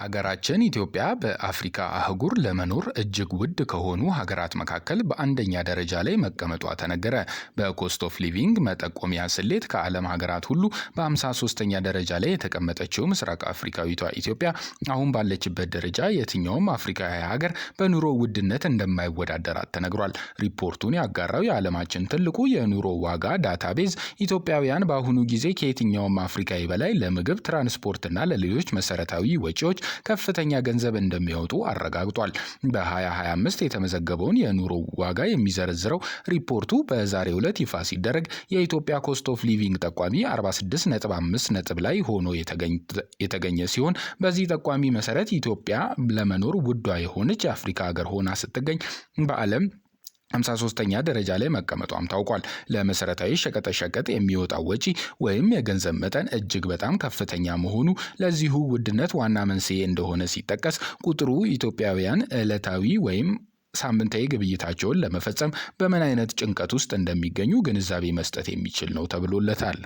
ሀገራችን ኢትዮጵያ በአፍሪካ አህጉር ለመኖር እጅግ ውድ ከሆኑ ሀገራት መካከል በአንደኛ ደረጃ ላይ መቀመጧ ተነገረ። በኮስት ኦፍ ሊቪንግ መጠቆሚያ ስሌት ከዓለም ሀገራት ሁሉ በ53ኛ ደረጃ ላይ የተቀመጠችው ምስራቅ አፍሪካዊቷ ኢትዮጵያ አሁን ባለችበት ደረጃ የትኛውም አፍሪካዊ ሀገር በኑሮ ውድነት እንደማይወዳደራት ተነግሯል። ሪፖርቱን ያጋራው የዓለማችን ትልቁ የኑሮ ዋጋ ዳታቤዝ ኢትዮጵያውያን በአሁኑ ጊዜ ከየትኛውም አፍሪካዊ በላይ ለምግብ፣ ትራንስፖርትና ለሌሎች መሰረታዊ ወጪዎች ከፍተኛ ገንዘብ እንደሚያወጡ አረጋግጧል። በ2025 የተመዘገበውን የኑሮ ዋጋ የሚዘረዝረው ሪፖርቱ በዛሬው ዕለት ይፋ ሲደረግ የኢትዮጵያ ኮስት ኦፍ ሊቪንግ ጠቋሚ 46.5 ነጥብ ላይ ሆኖ የተገኘ ሲሆን በዚህ ጠቋሚ መሰረት ኢትዮጵያ ለመኖር ውዷ የሆነች የአፍሪካ ሀገር ሆና ስትገኝ በዓለም 53ኛ ደረጃ ላይ መቀመጧም ታውቋል። ለመሰረታዊ ሸቀጠሸቀጥ የሚወጣው ወጪ ወይም የገንዘብ መጠን እጅግ በጣም ከፍተኛ መሆኑ ለዚሁ ውድነት ዋና መንስኤ እንደሆነ ሲጠቀስ ቁጥሩ ኢትዮጵያውያን ዕለታዊ ወይም ሳምንታዊ ግብይታቸውን ለመፈጸም በምን አይነት ጭንቀት ውስጥ እንደሚገኙ ግንዛቤ መስጠት የሚችል ነው ተብሎለታል።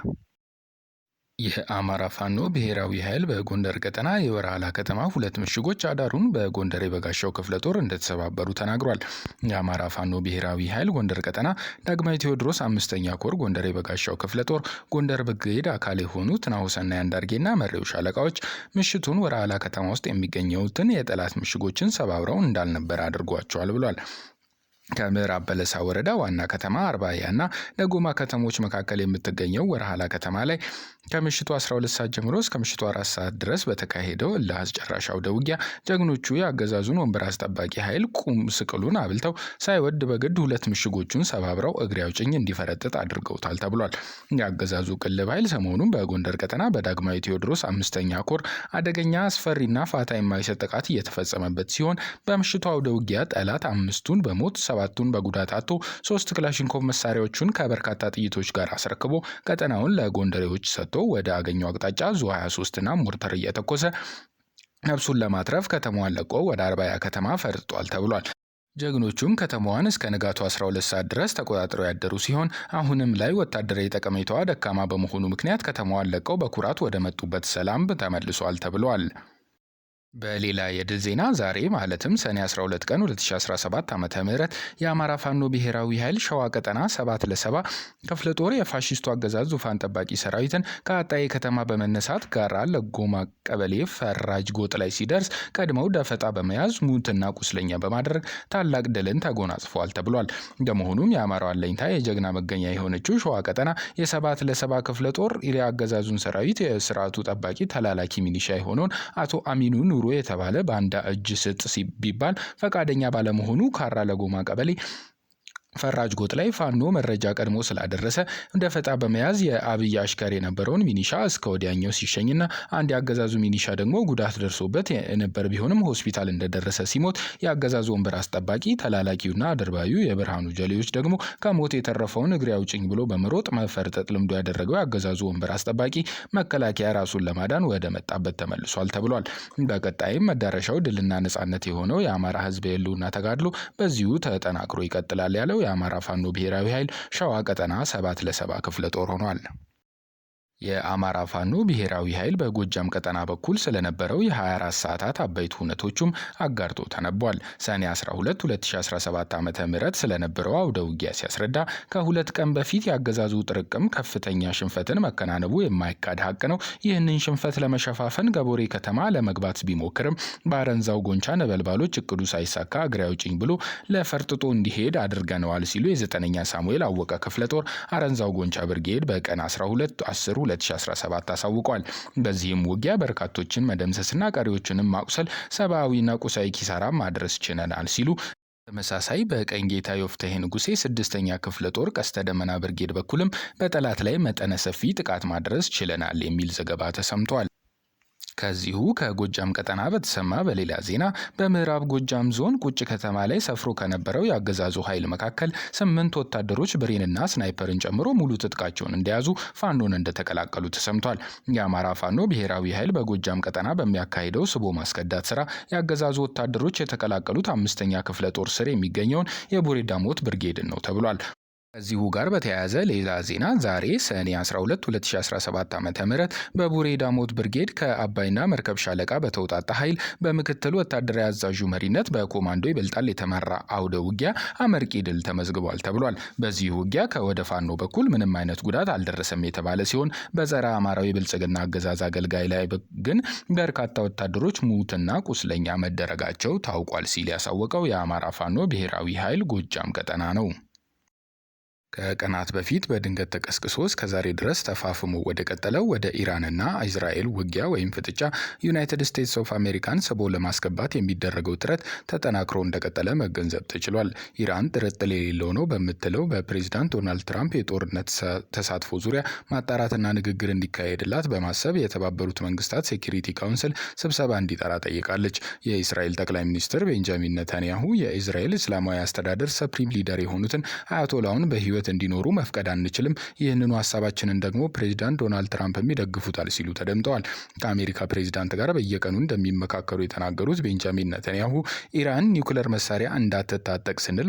የአማራ ፋኖ ብሔራዊ ኃይል በጎንደር ቀጠና የበረሃላ ከተማ ሁለት ምሽጎች አዳሩን በጎንደር የበጋሻው ክፍለ ጦር እንደተሰባበሩ ተናግሯል። የአማራ ፋኖ ብሔራዊ ኃይል ጎንደር ቀጠና ዳግማዊ ቴዎድሮስ አምስተኛ ኮር ጎንደር የበጋሻው ክፍለ ጦር ጎንደር ብርጌድ አካል የሆኑት ናሁሰና ያንዳርጌና መሪው ሻለቃዎች ምሽቱን ወረሃላ ከተማ ውስጥ የሚገኘውትን የጠላት ምሽጎችን ሰባብረው እንዳልነበረ አድርጓቸዋል ብሏል። ከምዕራብ በለሳ ወረዳ ዋና ከተማ አርባያ እና ነጎማ ከተሞች መካከል የምትገኘው ወርሃላ ከተማ ላይ ከምሽቱ 12 ሰዓት ጀምሮ እስከ ምሽቱ 4 ሰዓት ድረስ በተካሄደው እልህ አስጨራሽ አውደ ውጊያ ጀግኖቹ የአገዛዙን ወንበር አስጠባቂ ኃይል ቁም ስቅሉን አብልተው ሳይወድ በግድ ሁለት ምሽጎቹን ሰባብረው እግሬ አውጭኝ እንዲፈረጥጥ አድርገውታል ተብሏል። የአገዛዙ ቅልብ ኃይል ሰሞኑን በጎንደር ቀጠና በዳግማዊ ቴዎድሮስ አምስተኛ ኮር አደገኛ አስፈሪና ፋታ የማይሰጥ ጥቃት እየተፈጸመበት ሲሆን በምሽቱ አውደ ውጊያ ጠላት አምስቱን በሞት ሰባቱን በጉዳት አጥቶ ሶስት ክላሽንኮቭ መሳሪያዎቹን ከበርካታ ጥይቶች ጋር አስረክቦ ቀጠናውን ለጎንደሬዎች ሰጥቶ ወደ አገኘው አቅጣጫ ዙ 23ና ሞርተር እየተኮሰ ነብሱን ለማትረፍ ከተማዋን ለቆ ወደ አርባያ ከተማ ፈርጧል ተብሏል። ጀግኖቹም ከተማዋን እስከ ንጋቱ 12 ሰዓት ድረስ ተቆጣጥረው ያደሩ ሲሆን አሁንም ላይ ወታደራዊ ጠቀሜታዋ ደካማ በመሆኑ ምክንያት ከተማዋን ለቀው በኩራት ወደ መጡበት ሰላም ተመልሷል ተብሏል። በሌላ የድል ዜና ዛሬ ማለትም ሰኔ 12 ቀን 2017 ዓ.ም የአማራ ፋኖ ብሔራዊ ኃይል ሸዋ ቀጠና 7 ለ7 ክፍለ ጦር የፋሽስቱ አገዛዝ ዙፋን ጠባቂ ሰራዊትን ከአጣዬ ከተማ በመነሳት ጋራ ለጎማ ቀበሌ ፈራጅ ጎጥ ላይ ሲደርስ ቀድመው ደፈጣ በመያዝ ሙትና ቁስለኛ በማድረግ ታላቅ ድልን ተጎናጽፏል ተብሏል። እንደመሆኑም የአማራው አለኝታ የጀግና መገኛ የሆነችው ሸዋ ቀጠና የሰባት ለሰባ ክፍለ ጦር የአገዛዙን ሰራዊት የስርዓቱ ጠባቂ ተላላኪ ሚኒሻ የሆነውን አቶ አሚኑን ዩሮ የተባለ ባንዳ እጅ ስጥ ቢባል ፈቃደኛ ባለመሆኑ ካራ ለጎማ ቀበሌ ፈራጅ ጎጥ ላይ ፋኖ መረጃ ቀድሞ ስላደረሰ እንደፈጣ በመያዝ የአብይ አሽከር የነበረውን ሚኒሻ እስከ ወዲያኛው ሲሸኝና አንድ የአገዛዙ ሚኒሻ ደግሞ ጉዳት ደርሶበት የነበር ቢሆንም ሆስፒታል እንደደረሰ ሲሞት የአገዛዙ ወንበር አስጠባቂ ተላላኪውና አደርባዩ የብርሃኑ ጀሌዎች ደግሞ ከሞት የተረፈውን እግሬ አውጭኝ ብሎ በመሮጥ መፈርጠጥ ልምዶ ያደረገው የአገዛዙ ወንበር አስጠባቂ መከላከያ ራሱን ለማዳን ወደ መጣበት ተመልሷል ተብሏል። በቀጣይም መዳረሻው ድልና ነጻነት የሆነው የአማራ ህዝብ የህልውና ተጋድሎ በዚሁ ተጠናክሮ ይቀጥላል ያለው የአማራ ፋኖ ብሔራዊ ኃይል ሸዋ ቀጠና ሰባት ለሰባ ክፍለ ጦር ሆኗል። የአማራ ፋኖ ብሔራዊ ኃይል በጎጃም ቀጠና በኩል ስለነበረው የ24 ሰዓታት አበይት ሁነቶቹም አጋርጦ ተነቧል። ሰኔ 12 2017 ዓ ም ስለነበረው አውደ ውጊያ ሲያስረዳ ከሁለት ቀን በፊት የአገዛዙ ጥርቅም ከፍተኛ ሽንፈትን መከናነቡ የማይካድ ሀቅ ነው። ይህንን ሽንፈት ለመሸፋፈን ገቦሬ ከተማ ለመግባት ቢሞክርም በአረንዛው ጎንቻ ነበልባሎች እቅዱ ሳይሳካ እግሬ አውጭኝ ብሎ ለፈርጥጦ እንዲሄድ አድርገነዋል ሲሉ የዘጠነኛ ሳሙኤል አወቀ ክፍለ ጦር አረንዛው ጎንቻ ብርጌድ በቀን 12 10 2017 አሳውቋል። በዚህም ውጊያ በርካቶችን መደምሰስና ቀሪዎችንም ማቁሰል፣ ሰብአዊና ቁሳዊ ኪሳራ ማድረስ ችለናል ሲሉ ተመሳሳይ በቀኝ ጌታ የወፍተሄ ንጉሴ ስድስተኛ ክፍለ ጦር ቀስተ ደመና ብርጌድ በኩልም በጠላት ላይ መጠነ ሰፊ ጥቃት ማድረስ ችለናል የሚል ዘገባ ተሰምቷል። ከዚሁ ከጎጃም ቀጠና በተሰማ በሌላ ዜና በምዕራብ ጎጃም ዞን ቁጭ ከተማ ላይ ሰፍሮ ከነበረው የአገዛዙ ኃይል መካከል ስምንት ወታደሮች ብሬንና ስናይፐርን ጨምሮ ሙሉ ትጥቃቸውን እንደያዙ ፋኖን እንደተቀላቀሉ ተሰምቷል። የአማራ ፋኖ ብሔራዊ ኃይል በጎጃም ቀጠና በሚያካሂደው ስቦ ማስከዳት ስራ የአገዛዙ ወታደሮች የተቀላቀሉት አምስተኛ ክፍለ ጦር ስር የሚገኘውን የቡሬ ዳሞት ብርጌድን ነው ተብሏል። ከዚሁ ጋር በተያያዘ ሌላ ዜና ዛሬ ሰኔ 12 2017 ዓ ም በቡሬ ዳሞት ብርጌድ ከአባይና መርከብ ሻለቃ በተውጣጣ ኃይል በምክትል ወታደራዊ አዛዡ መሪነት በኮማንዶ ይበልጣል የተመራ አውደ ውጊያ አመርቂ ድል ተመዝግቧል ተብሏል። በዚህ ውጊያ ከወደ ፋኖ በኩል ምንም አይነት ጉዳት አልደረሰም የተባለ ሲሆን በጸረ አማራዊ ብልጽግና አገዛዝ አገልጋይ ላይ ግን በርካታ ወታደሮች ሙትና ቁስለኛ መደረጋቸው ታውቋል ሲል ያሳወቀው የአማራ ፋኖ ብሔራዊ ኃይል ጎጃም ቀጠና ነው። ከቀናት በፊት በድንገት ተቀስቅሶ እስከዛሬ ድረስ ተፋፍሞ ወደ ቀጠለው ወደ ኢራንና እስራኤል ውጊያ ወይም ፍጥጫ ዩናይትድ ስቴትስ ኦፍ አሜሪካን ስቦ ለማስገባት የሚደረገው ጥረት ተጠናክሮ እንደቀጠለ መገንዘብ ተችሏል። ኢራን ጥርጥር የሌለው ነው በምትለው በፕሬዚዳንት ዶናልድ ትራምፕ የጦርነት ተሳትፎ ዙሪያ ማጣራትና ንግግር እንዲካሄድላት በማሰብ የተባበሩት መንግስታት ሴኪሪቲ ካውንስል ስብሰባ እንዲጠራ ጠይቃለች። የእስራኤል ጠቅላይ ሚኒስትር ቤንጃሚን ነታንያሁ የእስራኤል እስላማዊ አስተዳደር ሰፕሪም ሊደር የሆኑትን አያቶላውን በህይወት ህይወት እንዲኖሩ መፍቀድ አንችልም። ይህንኑ ሀሳባችንን ደግሞ ፕሬዚዳንት ዶናልድ ትራምፕም ይደግፉታል ሲሉ ተደምጠዋል። ከአሜሪካ ፕሬዚዳንት ጋር በየቀኑ እንደሚመካከሩ የተናገሩት ቤንጃሚን ነተንያሁ ኢራን ኒውክለር መሳሪያ እንዳትታጠቅ ስንል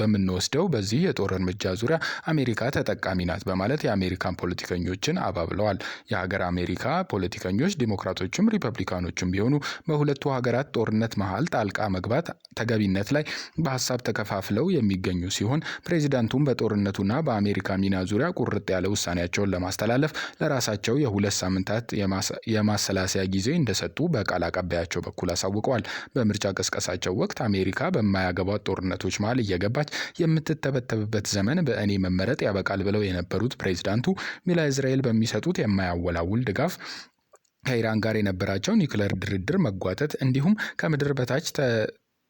በምንወስደው በዚህ የጦር እርምጃ ዙሪያ አሜሪካ ተጠቃሚ ናት በማለት የአሜሪካን ፖለቲከኞችን አባብለዋል። የሀገር አሜሪካ ፖለቲከኞች ዲሞክራቶችም ሪፐብሊካኖችም ቢሆኑ በሁለቱ ሀገራት ጦርነት መሀል ጣልቃ መግባት ተገቢነት ላይ በሀሳብ ተከፋፍለው የሚገኙ ሲሆን ፕሬዚዳንቱም በጦርነት ጦርነቱና በአሜሪካ ሚና ዙሪያ ቁርጥ ያለ ውሳኔያቸውን ለማስተላለፍ ለራሳቸው የሁለት ሳምንታት የማሰላሰያ ጊዜ እንደሰጡ በቃል አቀባያቸው በኩል አሳውቀዋል። በምርጫ ቀስቀሳቸው ወቅት አሜሪካ በማያገባት ጦርነቶች መሀል እየገባች የምትተበተብበት ዘመን በእኔ መመረጥ ያበቃል ብለው የነበሩት ፕሬዚዳንቱ ሚላ እስራኤል በሚሰጡት የማያወላውል ድጋፍ ከኢራን ጋር የነበራቸው ኒውክለር ድርድር መጓተት እንዲሁም ከምድር በታች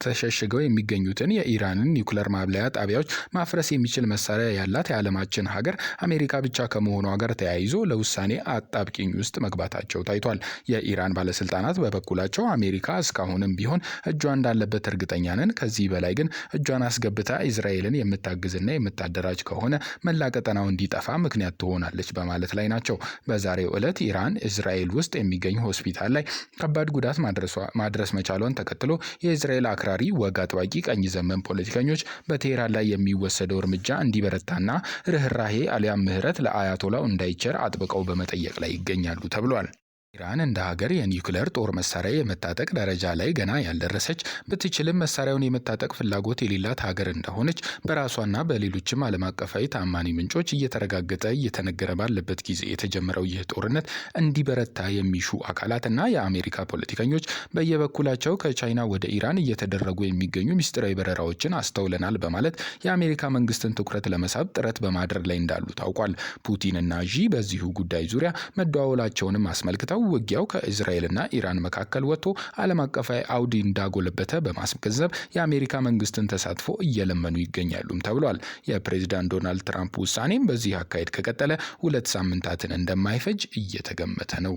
ተሸሽገው የሚገኙትን የኢራንን ኒውክለር ማብለያ ጣቢያዎች ማፍረስ የሚችል መሳሪያ ያላት የዓለማችን ሀገር አሜሪካ ብቻ ከመሆኗ ጋር ተያይዞ ለውሳኔ አጣብቂኝ ውስጥ መግባታቸው ታይቷል። የኢራን ባለስልጣናት በበኩላቸው አሜሪካ እስካሁንም ቢሆን እጇ እንዳለበት እርግጠኛ ነን፣ ከዚህ በላይ ግን እጇን አስገብታ እስራኤልን የምታግዝና የምታደራጅ ከሆነ መላ ቀጠናው እንዲጠፋ ምክንያት ትሆናለች በማለት ላይ ናቸው። በዛሬው ዕለት ኢራን እስራኤል ውስጥ የሚገኝ ሆስፒታል ላይ ከባድ ጉዳት ማድረስ መቻሏን ተከትሎ የእስራኤል አክራ አክራሪ ወግ አጥባቂ ቀኝ ዘመን ፖለቲከኞች በቴህራን ላይ የሚወሰደው እርምጃ እንዲበረታና ርኅራሄ አሊያም ምህረት ለአያቶላው እንዳይቸር አጥብቀው በመጠየቅ ላይ ይገኛሉ ተብሏል። ኢራን እንደ ሀገር የኒውክለር ጦር መሳሪያ የመታጠቅ ደረጃ ላይ ገና ያልደረሰች ብትችልም መሳሪያውን የመታጠቅ ፍላጎት የሌላት ሀገር እንደሆነች በራሷና በሌሎችም ዓለም አቀፋዊ ታማኒ ምንጮች እየተረጋገጠ እየተነገረ ባለበት ጊዜ የተጀመረው ይህ ጦርነት እንዲበረታ የሚሹ አካላትና የአሜሪካ ፖለቲከኞች በየበኩላቸው ከቻይና ወደ ኢራን እየተደረጉ የሚገኙ ሚስጢራዊ በረራዎችን አስተውለናል በማለት የአሜሪካ መንግስትን ትኩረት ለመሳብ ጥረት በማድረግ ላይ እንዳሉ ታውቋል። ፑቲን እና ዢ በዚሁ ጉዳይ ዙሪያ መደዋወላቸውንም አስመልክተው ውጊያው ከእስራኤልና ኢራን መካከል ወጥቶ ዓለም አቀፋዊ አውዲ እንዳጎለበተ በማስገንዘብ የአሜሪካ መንግስትን ተሳትፎ እየለመኑ ይገኛሉም ተብሏል። የፕሬዚዳንት ዶናልድ ትራምፕ ውሳኔም በዚህ አካሄድ ከቀጠለ ሁለት ሳምንታትን እንደማይፈጅ እየተገመተ ነው።